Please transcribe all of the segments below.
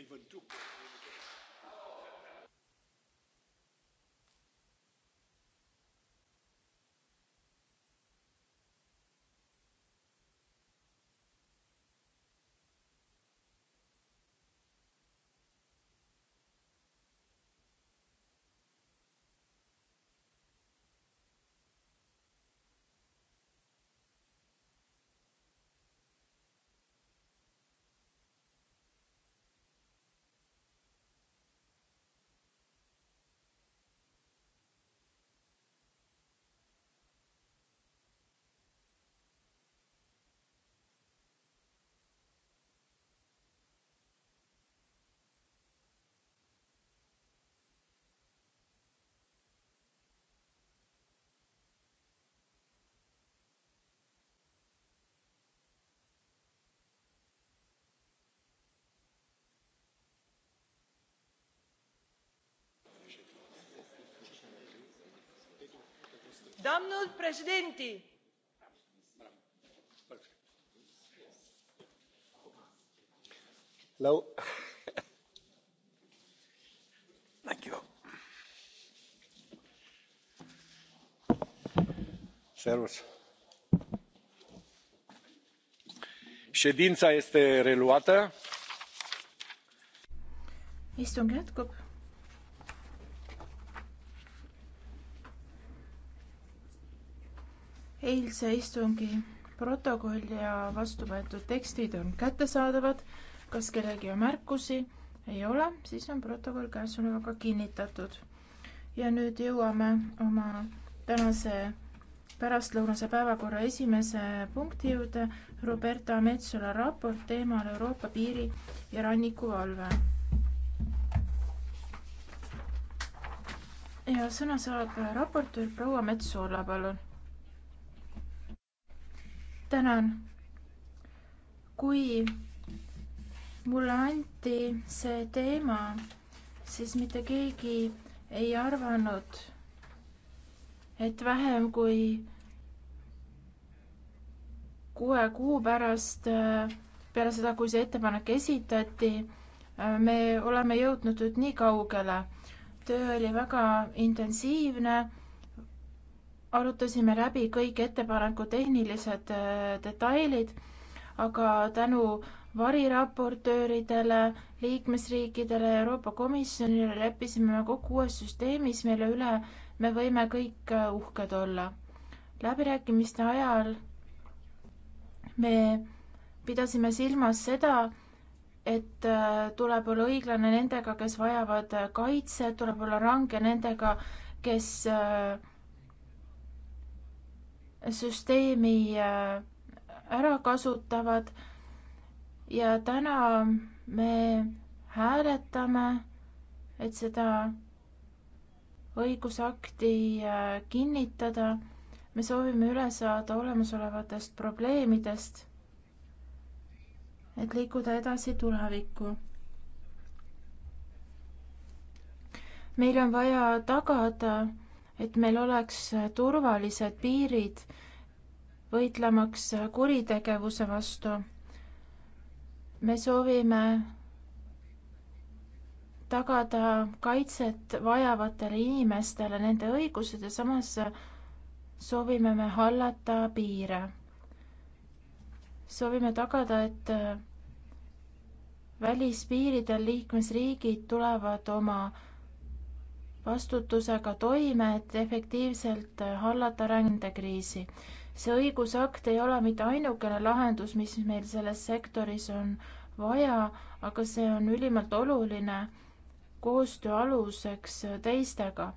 even do. domnul președinte ședința este reluată. istung jätkub. eilse istungi protokoll ja vastu võetud tekstid on kättesaadavad. kas kellelgi on märkusi? ei ole, siis on protokoll käesolevaga kinnitatud. ja nüüd jõuame oma tänase pärastlõunase päevakorra esimese punkti juurde Roberta Metsola raport teemal Euroopa piiri ja rannikuvalve. ja sõna saab raportöör proua Metsola, palun tänan. kui mulle anti see teema, siis mitte keegi ei arvanud, et vähem kui kuue kuu pärast, äh, peale seda, kui see ettepanek esitati, äh, me oleme jõudnud nüüd nii kaugele. töö oli väga intensiivne arutasime läbi kõik ettepaneku tehnilised äh, detailid, aga tänu variraportööridele, liikmesriikidele, Euroopa Komisjonile leppisime kokku uues süsteemis, mille üle me võime kõik äh, uhked olla. läbirääkimiste ajal me pidasime silmas seda, et äh, tuleb olla õiglane nendega, kes vajavad kaitset, tuleb olla range nendega, kes äh, süsteemi äh, ära kasutavad ja täna me hääletame, et seda õigusakti äh, kinnitada. me soovime üle saada olemasolevatest probleemidest, et liikuda edasi tulevikku. meil on vaja tagada et meil oleks turvalised piirid võitlemaks kuritegevuse vastu. me soovime tagada kaitset vajavatele inimestele nende õigused ja samas soovime me hallata piire. soovime tagada, et välispiiridel liikmesriigid tulevad oma vastutusega toime, et efektiivselt hallata rändekriisi. see õigusakt ei ole mitte ainukene lahendus, mis meil selles sektoris on vaja, aga see on ülimalt oluline koostöö aluseks teistega.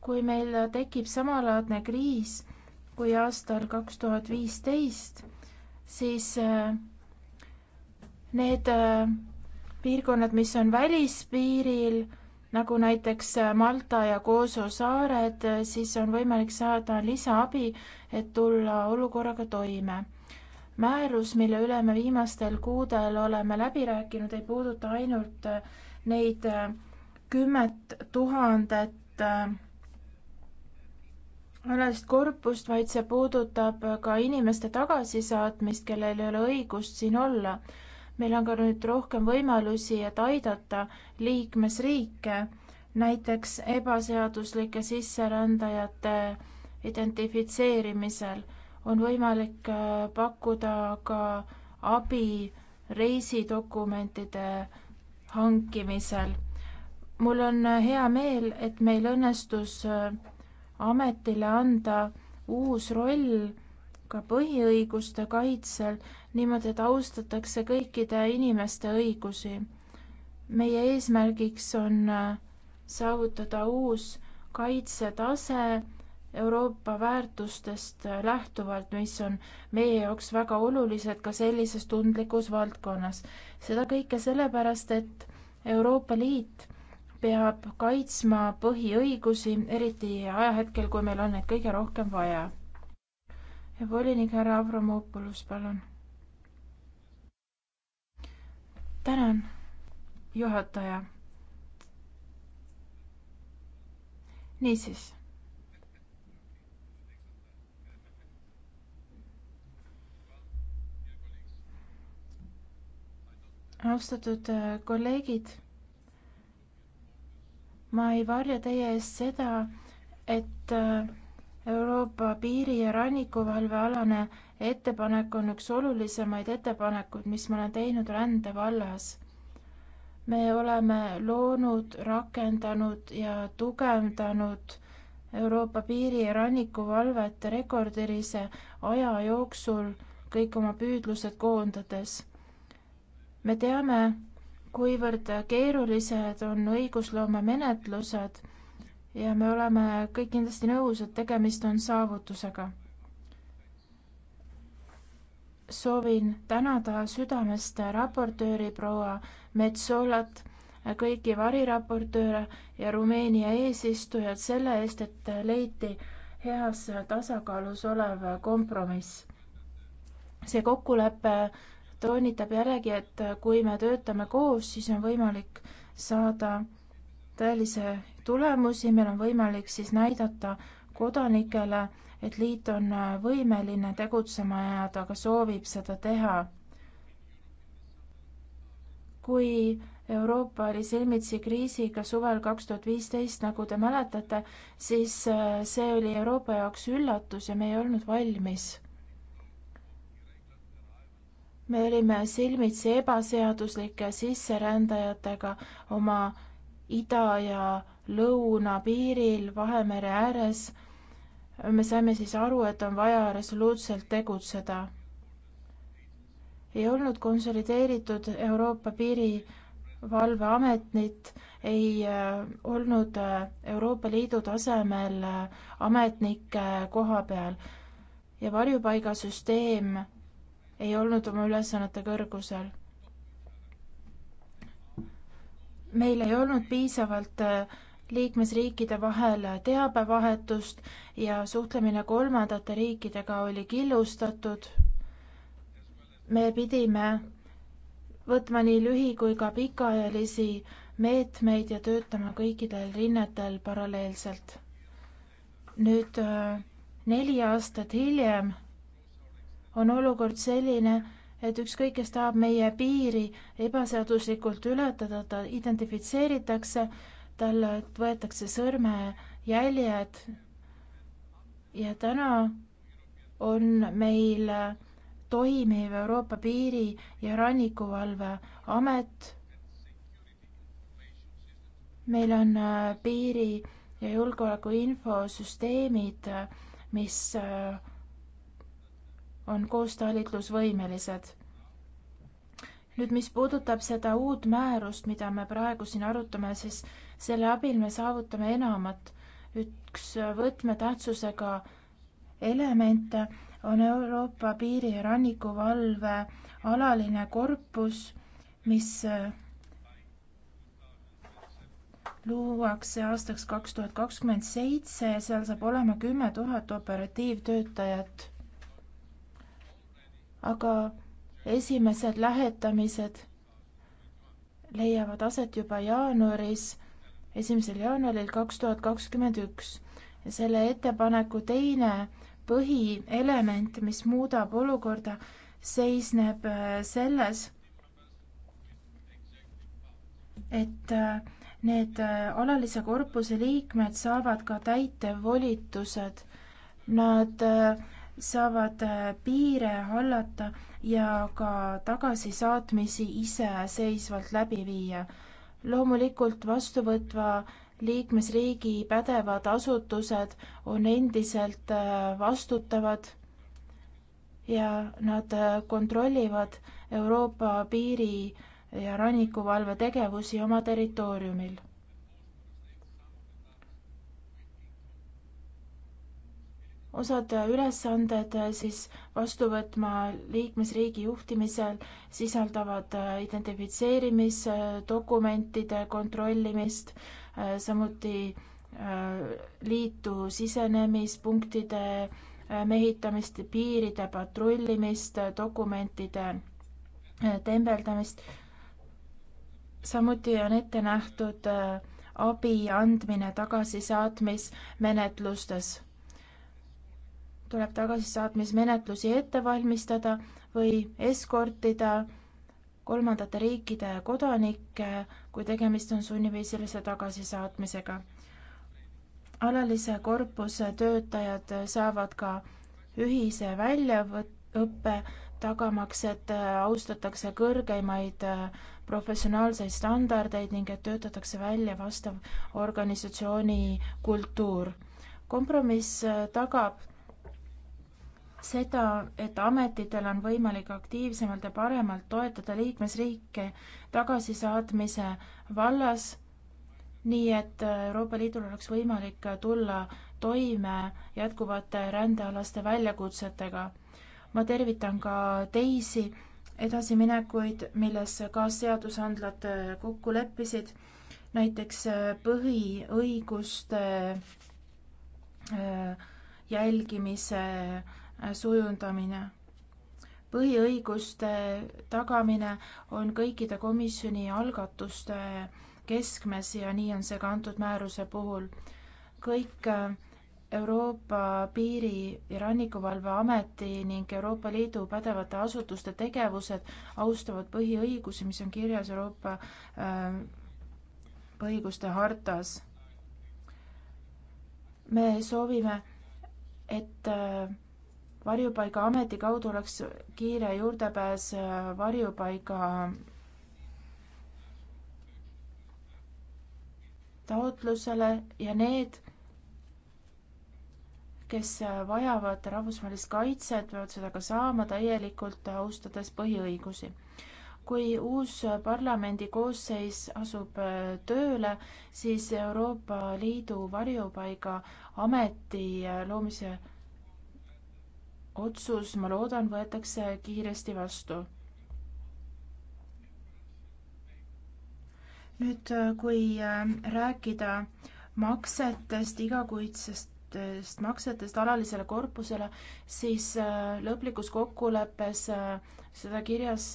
kui meil tekib samalaadne kriis kui aastal kaks tuhat viisteist, siis äh, need äh, piirkonnad, mis on välispiiril, nagu näiteks äh, Malta ja Kooso saared, äh, siis on võimalik saada lisaabi, et tulla olukorraga toime. määrus, mille üle me viimastel kuudel oleme läbi rääkinud, ei puuduta ainult äh, neid kümmet tuhandet alalist korpust, vaid see puudutab ka inimeste tagasisaatmist, kellel ei ole õigust siin olla meil on ka nüüd rohkem võimalusi, et aidata liikmesriike, näiteks ebaseaduslike sisserändajate identifitseerimisel on võimalik äh, pakkuda ka abi reisidokumentide hankimisel. mul on äh, hea meel, et meil õnnestus äh, ametile anda uus roll ka põhiõiguste kaitsel niimoodi, et austatakse kõikide inimeste õigusi. meie eesmärgiks on äh, saavutada uus kaitsetase Euroopa väärtustest äh, lähtuvalt, mis on meie jaoks väga olulised ka sellises tundlikus valdkonnas. seda kõike sellepärast, et Euroopa Liit peab kaitsma põhiõigusi, eriti ajahetkel, kui meil on neid kõige rohkem vaja ja volinik härra Avramopoulos, palun. tänan, juhataja. niisiis. austatud äh, kolleegid, ma ei varja teie eest seda, et äh, Euroopa piiri- ja rannikuvalvealane ettepanek on üks olulisemaid ettepanekuid, mis ma olen teinud rände vallas. me oleme loonud, rakendanud ja tugevdanud Euroopa piiri- ja rannikuvalvet rekordilise aja jooksul kõik oma püüdlused koondades. me teame, kuivõrd keerulised on õigusloome menetlused ja me oleme kõik kindlasti nõus, et tegemist on saavutusega. soovin tänada südamest raportööri proua Metsolat, kõiki variraportööre ja Rumeenia eesistujad selle eest, et leiti heas tasakaalus olev kompromiss. see kokkulepe toonitab jällegi, et kui me töötame koos, siis on võimalik saada tõelise tulemusi, meil on võimalik siis näidata kodanikele, et liit on äh, võimeline tegutsema ja ta ka soovib seda teha. kui Euroopa oli silmitsi kriisiga suvel kaks tuhat viisteist, nagu te mäletate, siis äh, see oli Euroopa jaoks üllatus ja me ei olnud valmis. me olime silmitsi ebaseaduslike sisserändajatega oma ida ja lõuna piiril Vahemere ääres, me saime siis aru, et on vaja resoluutselt tegutseda. ei olnud konsolideeritud Euroopa piirivalveametit, ei äh, olnud äh, Euroopa Liidu tasemel äh, ametnikke koha peal ja varjupaigasüsteem ei olnud oma ülesannete kõrgusel meil ei olnud piisavalt äh, liikmesriikide vahel teabevahetust ja suhtlemine kolmandate riikidega oli killustatud. me pidime võtma nii lühi kui ka pikaajalisi meetmeid ja töötama kõikidel rinnetel paralleelselt. nüüd äh, neli aastat hiljem on olukord selline, et ükskõik, kes tahab meie piiri ebaseaduslikult ületada, ta identifitseeritakse, tal võetakse sõrmejäljed. ja täna on meil toimiv Euroopa Piiri- ja Rannikuvalveamet. meil on äh, piiri ja julgeoleku infosüsteemid, mis äh, on koostalitlusvõimelised. nüüd, mis puudutab seda uut määrust, mida me praegu siin arutame, siis selle abil me saavutame enamat. üks võtmetähtsusega elemente on Euroopa piiri ja rannikuvalve alaline korpus, mis äh, luuakse aastaks kaks tuhat kakskümmend seitse ja seal saab olema kümme tuhat operatiivtöötajat aga esimesed lähetamised leiavad aset juba jaanuaris, esimesel jaanuaril kaks tuhat kakskümmend üks. ja selle ettepaneku teine põhielement, mis muudab olukorda, seisneb äh, selles, et äh, need äh, alalise korpuse liikmed saavad ka täitevvolitused. Nad äh, saavad äh, piire hallata ja ka tagasisaatmisi iseseisvalt läbi viia. loomulikult vastuvõtva liikmesriigi pädevad asutused on endiselt äh, vastutavad ja nad äh, kontrollivad Euroopa piiri ja rannikuvalve tegevusi oma territooriumil osad ülesanded äh, siis vastuvõtma liikmesriigi juhtimisel sisaldavad äh, identifitseerimisdokumentide kontrollimist, äh, samuti liitu sisenemispunktide mehitamist, piiride patrullimist, dokumentide tembeldamist. samuti on ette nähtud abi andmine tagasisaatmismenetlustes tuleb tagasisaatmismenetlusi ette valmistada või eskortida kolmandate riikide kodanikke, kui tegemist on sunniviisilise tagasisaatmisega. alalise korpuse töötajad saavad ka ühise väljaõppe, tagamaks, et austatakse kõrgeimaid professionaalseid standardeid ning et töötatakse välja vastav organisatsiooni kultuur. kompromiss tagab seda, et ametitel on võimalik aktiivsemalt ja paremalt toetada liikmesriike tagasisaatmise vallas, nii et Euroopa Liidul oleks võimalik tulla toime jätkuvate rändealaste väljakutsetega. ma tervitan ka teisi edasiminekuid, milles kaasseadusandlad kokku leppisid, näiteks põhiõiguste jälgimise sujundamine. põhiõiguste tagamine on kõikide komisjoni algatuste keskmes ja nii on see ka antud määruse puhul. kõik äh, Euroopa Piiri- ja Rannikuvalveameti ning Euroopa Liidu pädevate asutuste tegevused austavad põhiõigusi, mis on kirjas Euroopa põhiõiguste äh, hartas. me soovime, et äh, varjupaigaameti kaudu oleks kiire juurdepääs äh, varjupaiga taotlusele ja need, kes äh, vajavad rahvusvahelist kaitset, peavad seda ka saama täielikult äh, austades põhiõigusi. kui uus parlamendi koosseis asub tööle, siis Euroopa Liidu varjupaigaaameti loomise otsus, ma loodan, võetakse kiiresti vastu. nüüd, äh, kui äh, rääkida maksetest, igakuistest maksetest alalisele korpusele, siis äh, lõplikus kokkuleppes seda kirjas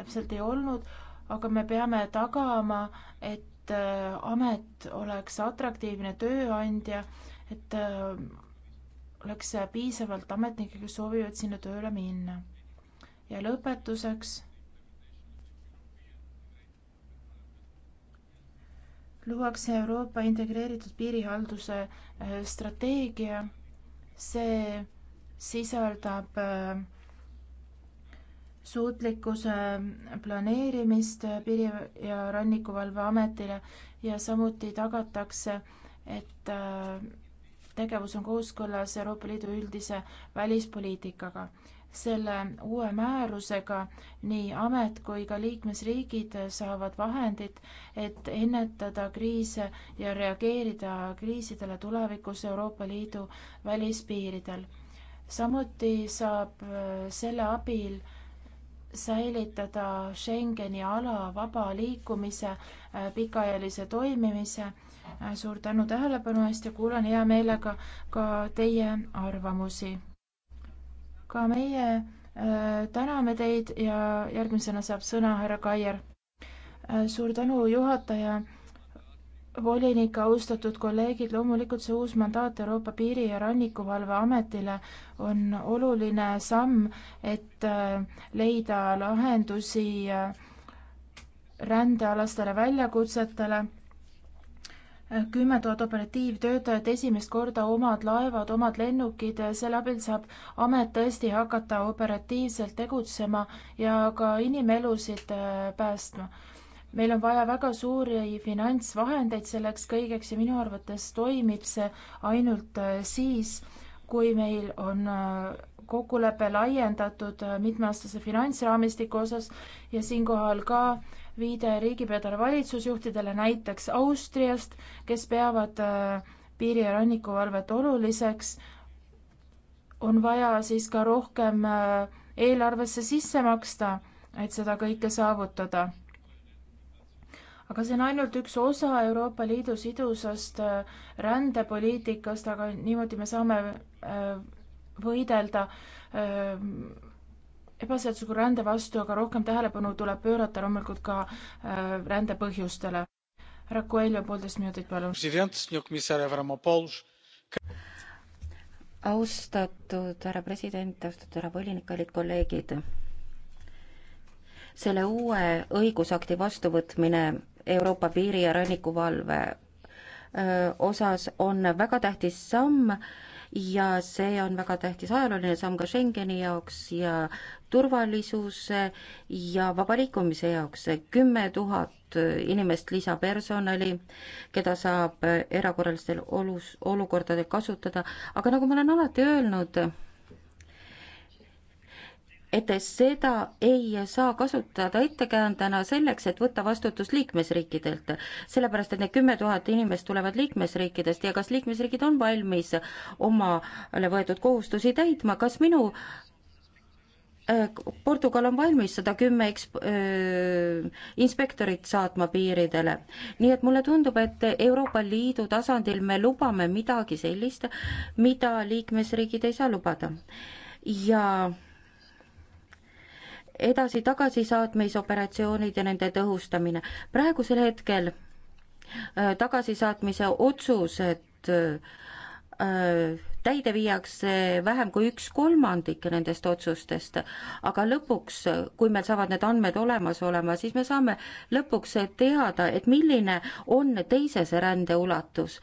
täpselt ei olnud, aga me peame tagama, et amet oleks atraktiivne tööandja, et oleks piisavalt ametnikke, kes soovivad sinna tööle minna. ja lõpetuseks. luuakse Euroopa integreeritud piirihalduse äh, strateegia. see sisaldab äh, suutlikkuse äh, planeerimist Piiri- ja Rannikuvalveametile ja samuti tagatakse, et tegevus on kooskõlas Euroopa Liidu üldise välispoliitikaga. selle uue määrusega nii amet kui ka liikmesriigid saavad vahendid, et ennetada kriise ja reageerida kriisidele tulevikus Euroopa Liidu välispiiridel. samuti saab äh, selle abil säilitada Schengeni ala vaba liikumise äh, pikaajalise toimimise suur tänu tähelepanu eest ja kuulan hea meelega ka teie arvamusi. ka meie äh, täname teid ja järgmisena saab sõna härra Kaier äh,. suur tänu, juhataja, volinik, austatud kolleegid, loomulikult see uus mandaat Euroopa Piiri- ja Rannikuvalveametile on oluline samm, et äh, leida lahendusi äh, rändealastele väljakutsetele kümme tuhat operatiivtöötajat, esimest korda omad laevad, omad lennukid, selle abil saab amet tõesti hakata operatiivselt tegutsema ja ka inimelusid äh, päästma. meil on vaja väga suuri finantsvahendeid selleks kõigeks ja minu arvates toimib see ainult äh, siis, kui meil on äh, kokkulepe laiendatud mitmeaastase finantsraamistiku osas ja siinkohal ka äh, viide riigipeadele valitsusjuhtidele näiteks Austriast, kes peavad äh, piiri- ja rannikuvalvet oluliseks, on vaja siis ka rohkem äh, eelarvesse sisse maksta, et seda kõike saavutada. aga see on ainult üks osa Euroopa Liidu sidusast äh, rändepoliitikast, aga niimoodi me saame võidelda ebaseadusliku rände vastu, aga rohkem tähelepanu tuleb pöörata loomulikult ka äh, rände põhjustele. härra Coelho, poolteist minutit, palun. austatud härra president, austatud härra volinik, kallid kolleegid. selle uue õigusakti vastuvõtmine Euroopa piiri- ja rannikuvalve äh, osas on väga tähtis samm ja see on väga tähtis ajalooline samm ka Schengeni jaoks ja turvalisuse ja vaba liikumise jaoks. kümme tuhat inimest lisapersonali, keda saab erakorralistel olus, olukordadel kasutada, aga nagu ma olen alati öelnud, et seda ei saa kasutada ettekäändena selleks, et võtta vastutus liikmesriikidelt. sellepärast, et need kümme tuhat inimest tulevad liikmesriikidest ja kas liikmesriigid on valmis omale võetud kohustusi täitma, kas minu äh, Portugal on valmis sada kümme eks-, äh, inspektorit saatma piiridele. nii et mulle tundub, et Euroopa Liidu tasandil me lubame midagi sellist, mida liikmesriigid ei saa lubada. ja edasi-tagasi saatmisoperatsioonid ja nende tõhustamine. praegusel hetkel äh, tagasisaatmise otsused äh, täide viiakse vähem kui üks kolmandik nendest otsustest, aga lõpuks, kui meil saavad need andmed olemas olema, siis me saame lõpuks teada, et milline on teisese rände ulatus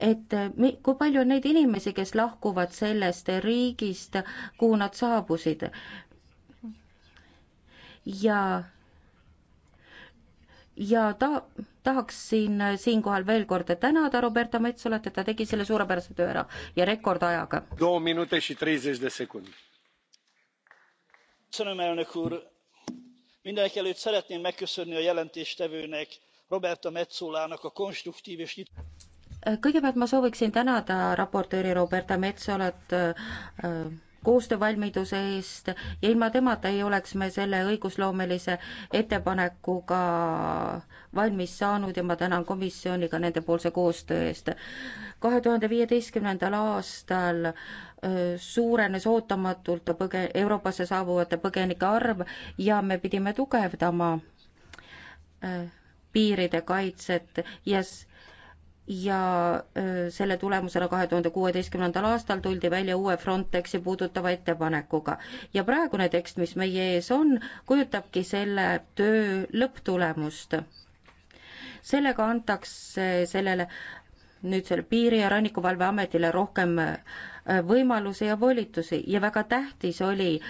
et äh, mi-, kui palju on neid inimesi, kes lahkuvad sellest riigist, kuhu nad saabusid ja ja ta, tahaksin siinkohal veel kord tänada Roberta Metsolat, et ta tegi selle suurepärase töö ära ja rekordajaga. köszönöm elnök úr mindenekelőtt szeretném megköszönni a jelentéstevőnek roberta metsolának a konstruktv és nyitott kõigepealt ma sooviksin tänada raportööri Roberta Metsolat äh, koostöövalmiduse eest ja ilma temata ei oleks me selle õigusloomelise ettepanekuga valmis saanud ja ma tänan komisjoni ka nendepoolse koostöö eest. kahe tuhande viieteistkümnendal aastal suurenes ootamatult põge-, Euroopasse saabuvate põgenike arv ja me pidime tugevdama piiride kaitset ja yes, ja selle tulemusena kahe tuhande kuueteistkümnendal aastal tuldi välja uue Frontexi puudutava ettepanekuga. ja praegune tekst, mis meie ees on, kujutabki selle töö lõpptulemust. sellega antakse sellele nüüd selle Piiri- ja Rannikuvalveametile rohkem võimalusi ja volitusi ja väga tähtis oli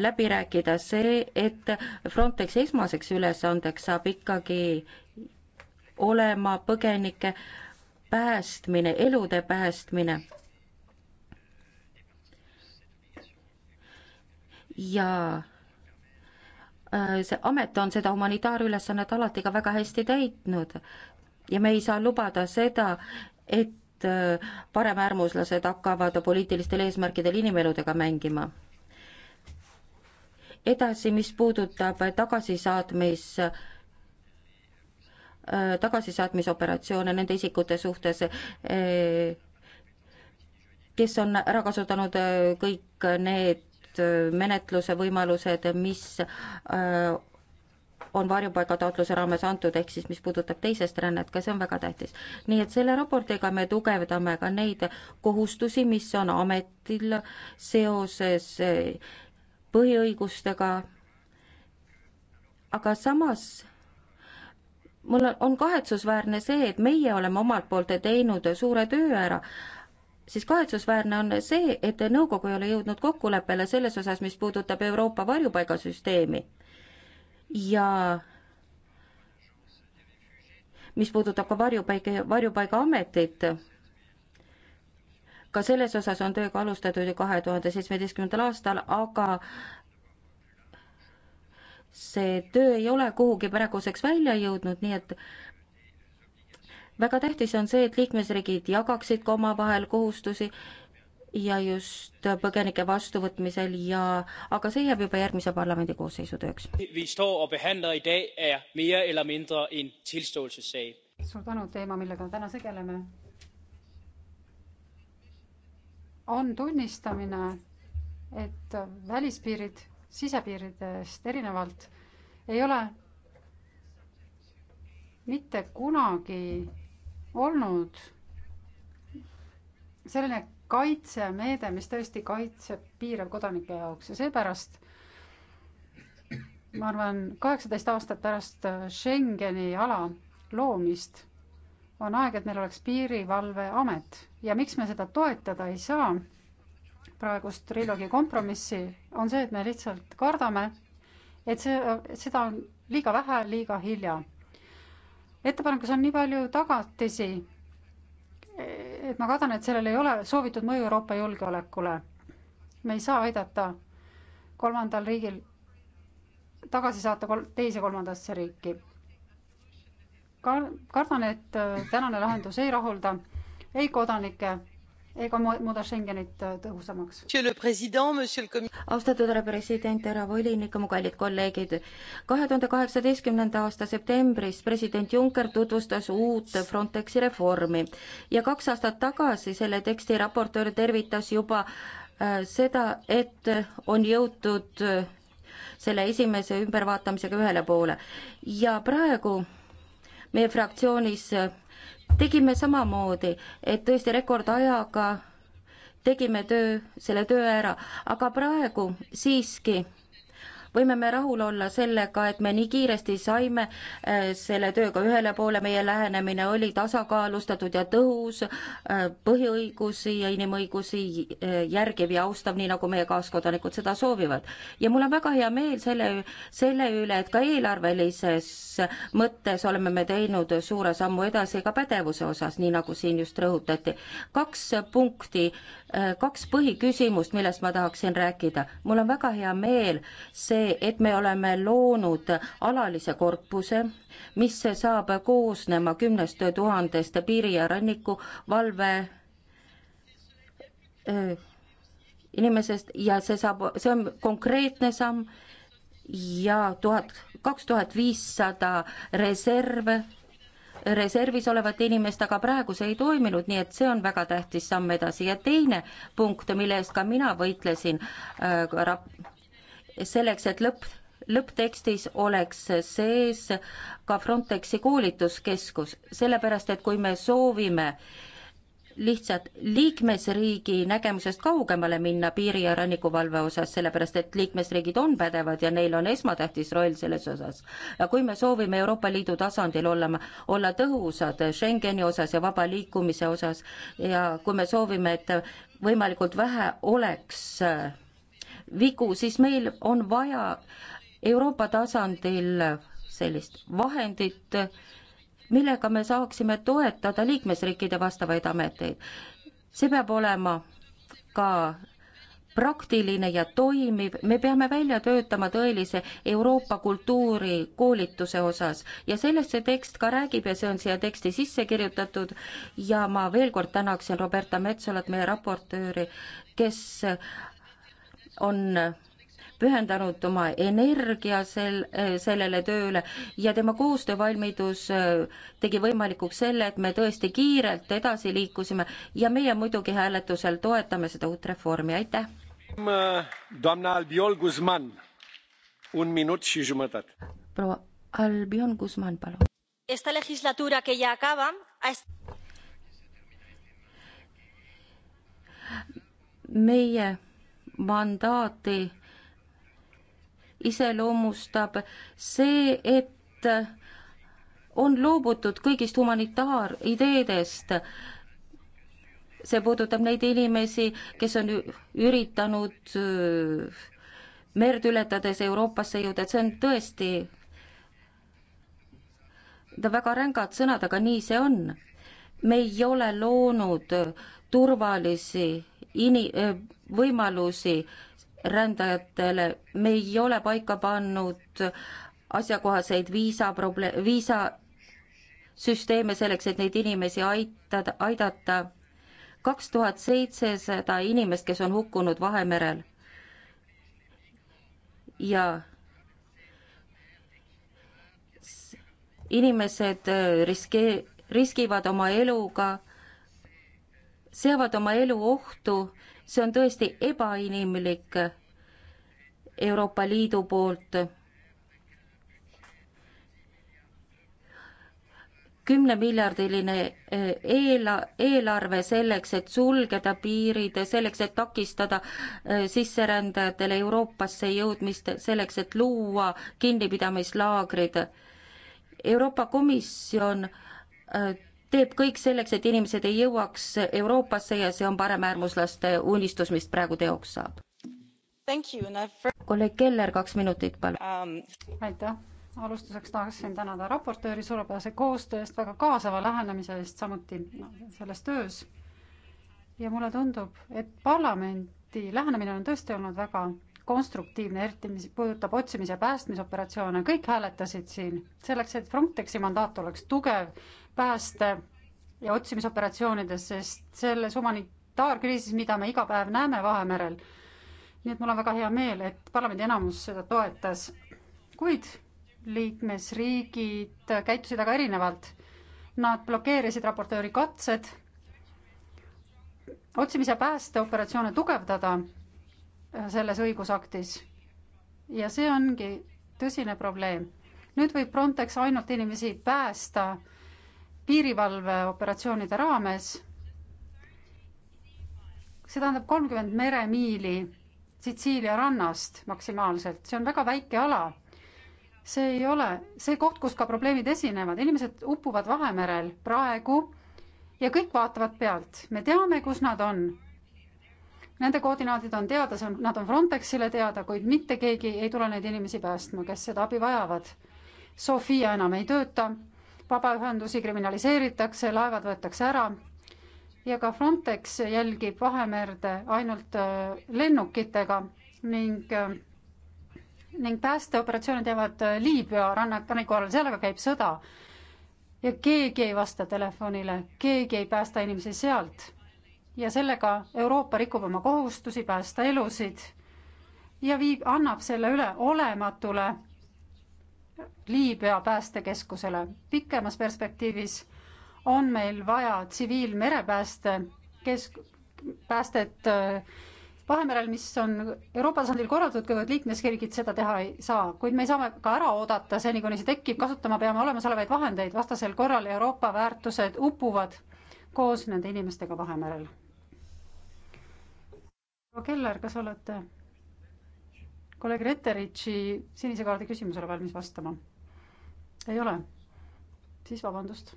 läbi rääkida see, et Frontex esmaseks ülesandeks saab ikkagi olema põgenike äh, päästmine, elude päästmine. ja äh, see amet on seda humanitaarülesannet alati ka väga hästi täitnud ja me ei saa lubada seda, et äh, paremäärmuslased hakkavad poliitilistel eesmärkidel inimeludega mängima edasi, mis puudutab tagasisaatmis Äh, tagasisaatmisoperatsioone nende isikute suhtes, äh, kes on ära kasutanud äh, kõik need menetluse võimalused, mis on varjupaigataotluse raames antud, ehk siis mis puudutab teisest rännet, ka see on väga tähtis. nii et selle raportiga me tugevdame ka neid kohustusi, mis on ametil seoses põhiõigustega, aga samas mul on, on kahetsusväärne see, et meie oleme omalt poolt teinud suure töö ära, siis kahetsusväärne on see, et nõukogu ei ole jõudnud kokkuleppele selles osas, mis puudutab Euroopa varjupaigasüsteemi. ja mis puudutab ka varjupaika, varjupaigaametit, ka selles osas on tööga alustatud ju kahe tuhande seitsmeteistkümnendal aastal, aga see töö ei ole kuhugi praeguseks välja jõudnud, nii et väga tähtis on see, et liikmesriigid jagaksid ka omavahel kohustusi ja just põgenike vastuvõtmisel ja, aga see jääb juba järgmise parlamendi koosseisu tööks. Er suur tänu, teema, millega täna tegeleme, on tunnistamine, et välispiirid sisepiiridest erinevalt, ei ole mitte kunagi olnud selline kaitsemeede, mis tõesti kaitseb piirav kodanike jaoks ja seepärast ma arvan, kaheksateist aastat pärast Schengeni ala loomist on aeg, et meil oleks piirivalveamet ja miks me seda toetada ei saa praegust triloogi kompromissi, on see, et me lihtsalt kardame, et see, seda on liiga vähe, liiga hilja. ettepanekus on nii palju tagatisi, et ma kardan, et sellel ei ole soovitud mõju Euroopa julgeolekule. me ei saa aidata kolmandal riigil tagasi saata kol-, teise kolmandasse riiki. Ka-, kardan, et äh, tänane lahendus ei rahulda ei kodanikke ega muuda Schengenit äh, tõhusamaks. austatud härra president, härra volinik, mu kallid kolleegid. kahe tuhande kaheksateistkümnenda aasta septembris president Juncker tutvustas uut Frontexi reformi ja kaks aastat tagasi selle teksti raportöör tervitas juba äh, seda, et on jõutud äh, selle esimese ümbervaatamisega ühele poole ja praegu meie fraktsioonis tegime samamoodi, et tõesti rekordajaga tegime töö, selle töö ära, aga praegu siiski võime me rahul olla sellega, et me nii kiiresti saime äh, selle tööga ühele poole, meie lähenemine oli tasakaalustatud ja tõhus, äh, põhiõigusi ja inimõigusi äh, järgiv ja austav, nii nagu meie kaaskodanikud seda soovivad. ja mul on väga hea meel selle, selle üle, et ka eelarvelises mõttes oleme me teinud suure sammu edasi ka pädevuse osas, nii nagu siin just rõhutati. kaks punkti Äh, kaks põhiküsimust, millest ma tahaksin rääkida. mul on väga hea meel see, et me oleme loonud alalise korpuse, mis saab koosnema kümnest tuhandest piiri- ja rannikuvalve äh, inimesest ja see saab, see on konkreetne samm ja tuhat, kaks tuhat viissada reserve reservis olevate inimestega praegu see ei toiminud, nii et see on väga tähtis samm edasi ja teine punkt, mille eest ka mina võitlesin äh,, selleks, et lõpp, lõpptekstis oleks sees ka Frontexi koolituskeskus, sellepärast et kui me soovime äh, lihtsalt liikmesriigi nägemusest kaugemale minna piiri- ja rannikuvalve osas, sellepärast et liikmesriigid on pädevad ja neil on esmatähtis roll selles osas. ja kui me soovime Euroopa Liidu tasandil olla, olla tõhusad Schengeni osas ja vaba liikumise osas ja kui me soovime, et võimalikult vähe oleks äh, vigu, siis meil on vaja Euroopa tasandil sellist vahendit, millega me saaksime toetada liikmesriikide vastavaid ameteid. see peab olema ka praktiline ja toimiv, me peame välja töötama tõelise Euroopa kultuuri koolituse osas ja sellest see tekst ka räägib ja see on siia teksti sisse kirjutatud ja ma veel kord tänaksin Roberta Metsolat, meie raportööri, kes on pühendanud oma energia sel, eh, sellele tööle ja tema koostöövalmidus eh, tegi võimalikuks selle, et me tõesti kiirelt edasi liikusime ja meie muidugi hääletusel toetame seda uut reformi, aitäh! Eh, proua Albion Guzman, palun. Esta legislatura que ya acaba ha meie mandaati iseloomustab see, et on loobutud kõigist humanitaarideedest. see puudutab neid inimesi, kes on üritanud merd ületades Euroopasse jõuda, et see on tõesti väga rängad sõnad, aga nii see on. me ei ole loonud turvalisi ini-, võimalusi rändajatele, me ei ole paika pannud asjakohaseid viisaproble-, viisasüsteeme selleks, et neid inimesi aitada, aidata. kaks tuhat seitsesada inimest, kes on hukkunud Vahemerel. ja inimesed äh, riske-, riskivad oma eluga, seavad oma elu ohtu see on tõesti ebainimlik Euroopa Liidu poolt. kümnemiljardiline eh, eela-, eelarve selleks, et sulgeda piirid, selleks, et takistada eh, sisserändajatele Euroopasse jõudmist, selleks, et luua kinnipidamislaagrid. Euroopa Komisjon eh, teeb kõik selleks, et inimesed ei jõuaks Euroopasse ja see on paremäärmuslaste unistus, mis praegu teoks saab. kolleeg Keller, kaks minutit, palun um.... aitäh alustuseks tahaksin tänada raportööri suurepärase koostöö eest, väga kaasava lähenemise eest samuti no, selles töös. ja mulle tundub, et parlamenti lähenemine on tõesti olnud väga konstruktiivne, eriti mis puudutab otsimis- ja päästmisoperatsioone, kõik hääletasid siin selleks, et Frontexi mandaat oleks tugev pääste- ja otsimisoperatsioonides, sest selles humanitaarkriisis, mida me iga päev näeme Vahemerel, nii et mul on väga hea meel, et parlamendi enamus seda toetas, kuid liikmesriigid käitusid väga erinevalt. Nad blokeerisid raportööri katsed otsimise päästeoperatsioone tugevdada selles õigusaktis. ja see ongi tõsine probleem. nüüd võib Frontex ainult inimesi päästa piirivalveoperatsioonide raames. see tähendab kolmkümmend meremiili Sitsiilia rannast maksimaalselt, see on väga väike ala. see ei ole see koht, kus ka probleemid esinevad, inimesed upuvad Vahemerel praegu ja kõik vaatavad pealt, me teame, kus nad on Nende koordinaadid on teada, see on, nad on Frontexile teada, kuid mitte keegi ei tule neid inimesi päästma, kes seda abi vajavad. Sofia enam ei tööta, vabaühendusi kriminaliseeritakse, laevad võetakse ära ja ka Frontex jälgib Vahemerd ainult äh, lennukitega ning äh, ning päästeoperatsioonid jäävad äh, Liibüa ranniku alla, sellega käib sõda. ja keegi ei vasta telefonile, keegi ei päästa inimesi sealt ja sellega Euroopa rikub oma kohustusi päästa elusid ja viib, annab selle üle olematule Liibüa päästekeskusele. pikemas perspektiivis on meil vaja tsiviilmerepääste kesk-, päästet äh, Vahemerel, mis on Euroopa tasandil korraldatud, kõigepealt liikmesriigid seda teha ei saa, kuid me ei saa ka ära oodata seni, kuni see tekib, kasutama peame olemasolevaid vahendeid, vastasel korral Euroopa väärtused upuvad koos nende inimestega Vahemerel proua Keller, kas olete kolleeg Reteritši sinise kaardi küsimusele valmis vastama? ei ole? siis vabandust.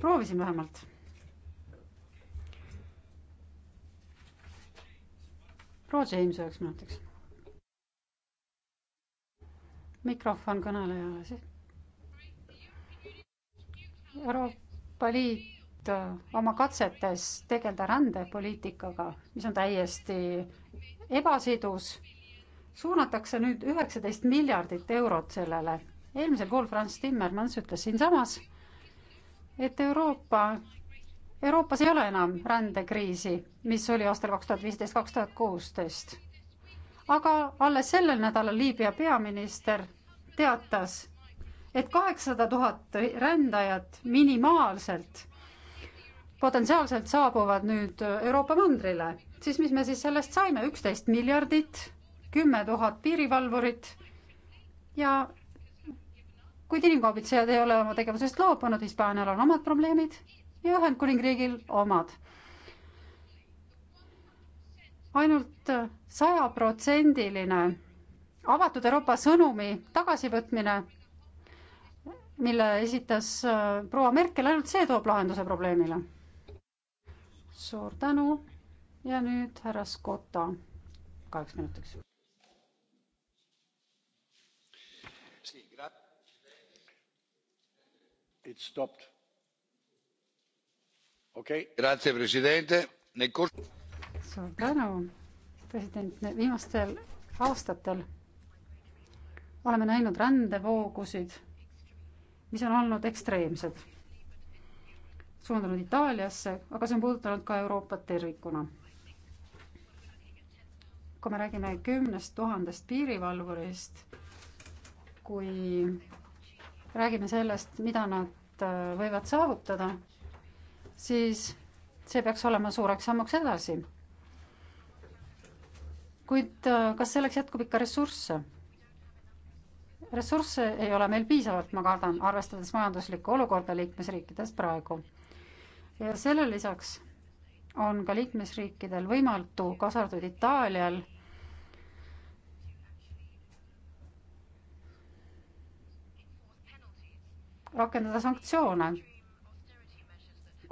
proovisin vähemalt. proua James üheks minutiks. mikrofon kõnelejale siis. Euroopa Liit Äh, oma katsetes tegeleda rändepoliitikaga, mis on täiesti ebasidus, suunatakse nüüd üheksateist miljardit eurot sellele. eelmisel kuul Franz Timmermans ütles siinsamas, et Euroopa, Euroopas ei ole enam rändekriisi, mis oli aastal kaks tuhat viisteist, kaks tuhat kuusteist. aga alles sellel nädalal Liibüa peaminister teatas, et kaheksasada tuhat rändajat minimaalselt potentsiaalselt saabuvad nüüd Euroopa mandrile, siis mis me siis sellest saime, üksteist miljardit, kümme tuhat piirivalvurit ja kuid inimkaubitsejad ei ole oma tegevusest loobunud, Hispaanial on omad probleemid ja Ühendkuningriigil omad ainult. ainult sajaprotsendiline avatud Euroopa sõnumi tagasivõtmine, mille esitas äh, proua Merkel, ainult see toob lahenduse probleemile suur tänu ja nüüd härra Skotta kaheks minutiks. Okay. suur tänu, president, viimastel aastatel oleme näinud rändevoogusid, mis on olnud ekstreemsed suundunud Itaaliasse, aga see on puudutanud ka Euroopat tervikuna. kui me räägime kümnest tuhandest piirivalvurist, kui räägime sellest, mida nad äh, võivad saavutada, siis see peaks olema suureks sammuks edasi. kuid äh, kas selleks jätkub ikka ressursse? ressursse ei ole meil piisavalt, ma kardan, arvestades majanduslikku olukorda liikmesriikides praegu ja selle lisaks on ka liikmesriikidel võimatu, kaasa arvatud Itaalial, rakendada sanktsioone,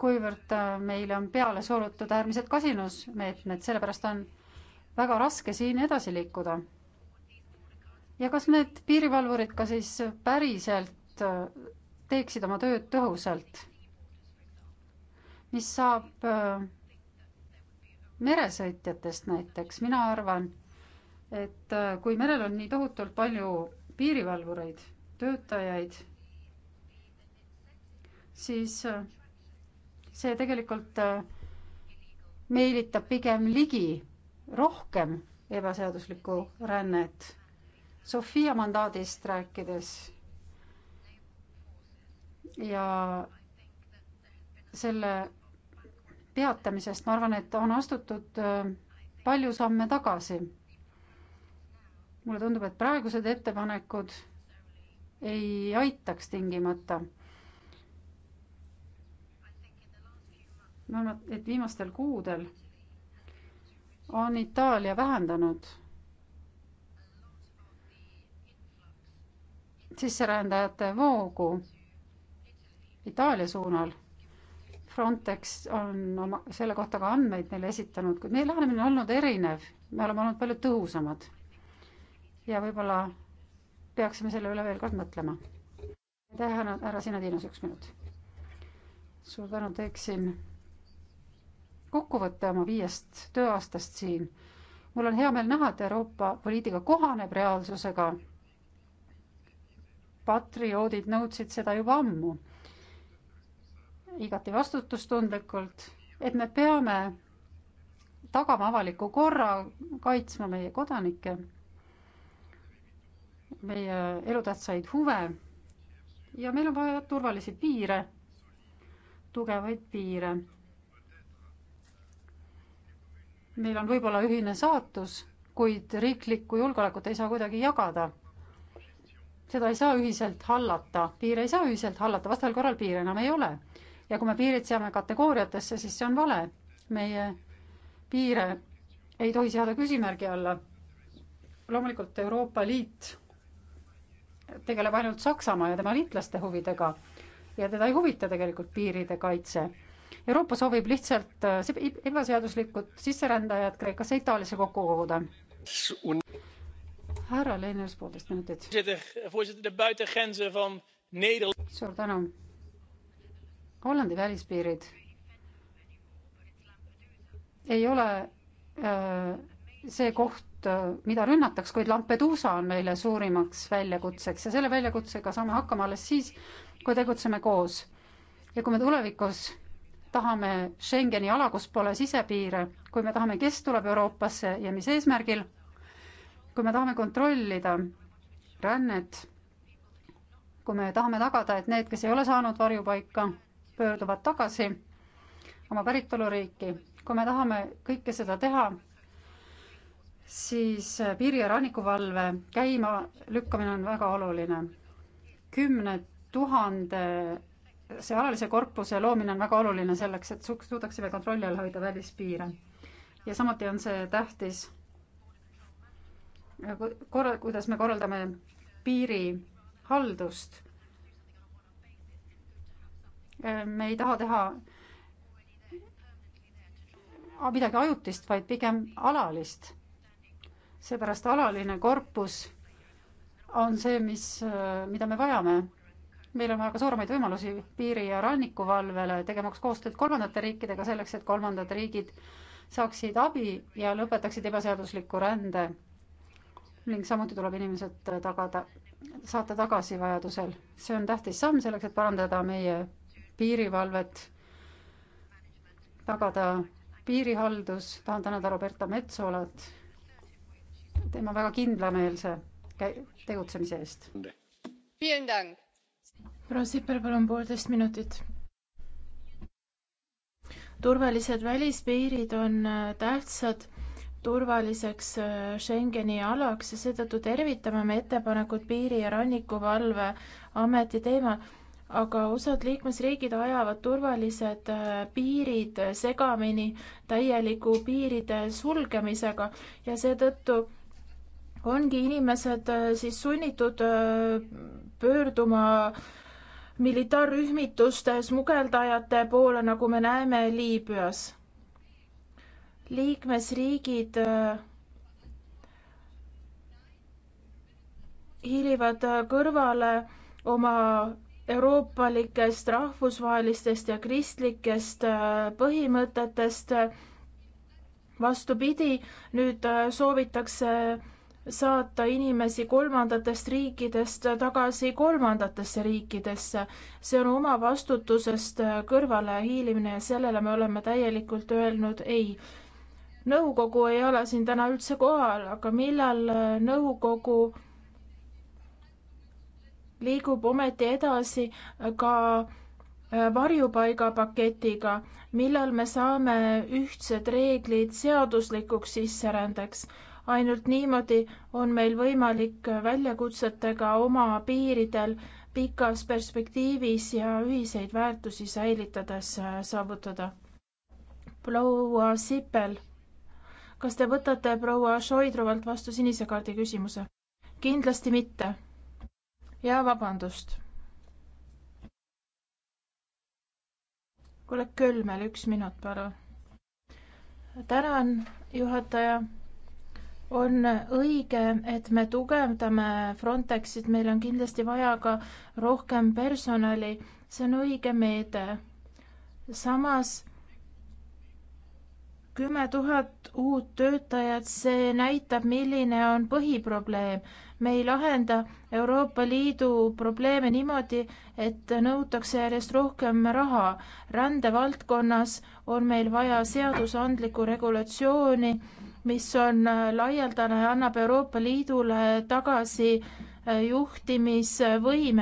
kuivõrd äh, meile on peale surutud äärmised kasinusmeetmed, sellepärast on väga raske siin edasi liikuda. ja kas need piirivalvurid ka siis päriselt äh, teeksid oma tööd tõhusalt? mis saab äh, meresõitjatest näiteks, mina arvan, et äh, kui merel on nii tohutult palju piirivalvureid, töötajaid, siis äh, see tegelikult meelitab pigem ligi rohkem ebaseaduslikku rännet. Sofia mandaadist rääkides ja selle peatamisest, ma arvan, et on astutud äh, palju samme tagasi. mulle tundub, et praegused ettepanekud ei aitaks tingimata. ma arvan, et viimastel kuudel on Itaalia vähendanud sisserändajate voogu Itaalia suunal Frontex on oma, selle kohta ka andmeid meile esitanud, kuid meie lähenemine on olnud erinev, me oleme olnud palju tõhusamad. ja võib-olla peaksime selle üle veel kord mõtlema. aitäh, härra, härra Sinadinos, üks minut. suur tänu, teeksin kokkuvõtte oma viiest tööaastast siin. mul on hea meel näha, et Euroopa poliitika kohaneb reaalsusega. patrioodid nõudsid seda juba ammu igati vastutustundlikult, et me peame tagama avaliku korra, kaitsma meie kodanikke, meie elutähtsaid huve ja meil on vaja turvalisi piire, tugevaid piire. meil on võib-olla ühine saatus, kuid riiklikku julgeolekut ei saa kuidagi jagada. seda ei saa ühiselt hallata, piire ei saa ühiselt hallata, vastasel korral piire enam ei ole ja kui me piirid seame kategooriatesse, siis see on vale. meie piire ei tohi seada küsimärgi alla. loomulikult Euroopa Liit tegeleb ainult Saksamaa ja tema liitlaste huvidega ja teda ei huvita tegelikult piiride kaitse. Euroopa soovib lihtsalt äh, ebaseaduslikud sisserändajad Kreekasse ja Itaaliasse kokku koguda. härra Leeners, poolteist minutit. suur tänu Hollandi välispiirid ei ole öö, äh, see koht, äh, mida rünnataks, kuid Lampeduusa on meile suurimaks väljakutseks ja selle väljakutsega saame hakkama alles siis, kui tegutseme koos. ja kui me tulevikus tahame Schengeni ala, kus pole sisepiire, kui me tahame, kes tuleb Euroopasse ja mis eesmärgil, kui me tahame kontrollida rännet, kui me tahame tagada, et need, kes ei ole saanud varjupaika, pöörduvad tagasi oma päritoluriiki. kui me tahame kõike seda teha, siis piiri- ja rannikuvalve käimalükkamine on väga oluline. kümne tuhande see alalise korpuse loomine on väga oluline selleks, et suudaksime kontrolli all hoida välispiire. ja samuti on see tähtis äh, korra, kuidas me korraldame piirihaldust Äh, me ei taha teha äh, midagi ajutist, vaid pigem alalist. seepärast alaline korpus on see, mis, äh, mida me vajame. meil on vaja ka suuremaid võimalusi piiri- ja rannikuvalvele, tegemaks koostööd kolmandate riikidega selleks, et kolmandad riigid saaksid abi ja lõpetaksid ebaseadusliku rände. ning samuti tuleb inimesed tagada, saata tagasi vajadusel. see on tähtis samm selleks, et parandada meie piirivalvet, tagada piirihaldus, tahan tänada Roberta Metsolat tema väga kindlameelse tegutsemise eest. proua Sipper, palun poolteist minutit turvalised välispiirid on äh, tähtsad turvaliseks äh, Schengeni alaks ja seetõttu tervitame me ettepanekut Piiri- ja Rannikuvalve Ameti teemal aga osad liikmesriigid ajavad turvalised äh, piirid segamini täieliku piiride sulgemisega ja seetõttu ongi inimesed äh, siis sunnitud äh, pöörduma militaarrühmituste smugeldajate poole, nagu me näeme Liibüas. liikmesriigid hiilivad kõrvale oma euroopalikest, rahvusvahelistest ja kristlikest äh, põhimõtetest. vastupidi, nüüd äh, soovitakse saata inimesi kolmandatest riikidest tagasi kolmandatesse riikidesse. see on oma vastutusest äh, kõrvale hiilimine ja sellele me oleme täielikult öelnud ei. nõukogu ei ole siin täna üldse kohal, aga millal nõukogu liigub ometi edasi ka äh, varjupaigapaketiga, millal me saame ühtsed reeglid seaduslikuks sisserändeks. ainult niimoodi on meil võimalik väljakutsetega oma piiridel pikas perspektiivis ja ühiseid väärtusi säilitades äh, saavutada. proua Sipel, kas te võtate proua Šoidrovalt vastu sinise kaardi küsimuse? kindlasti mitte ja vabandust. kuule, Kölmel üks minut, palun. tänan, juhataja on õige, et me tugevdame Frontexit, meil on kindlasti vaja ka rohkem personali, see on õige meede. samas kümme tuhat uut töötajat, see näitab, milline on põhiprobleem me ei lahenda Euroopa Liidu probleeme niimoodi, et nõutakse järjest rohkem raha. rändevaldkonnas on meil vaja seadusandlikku regulatsiooni, mis on laialdane ja annab Euroopa Liidule tagasi juhtimisvõime.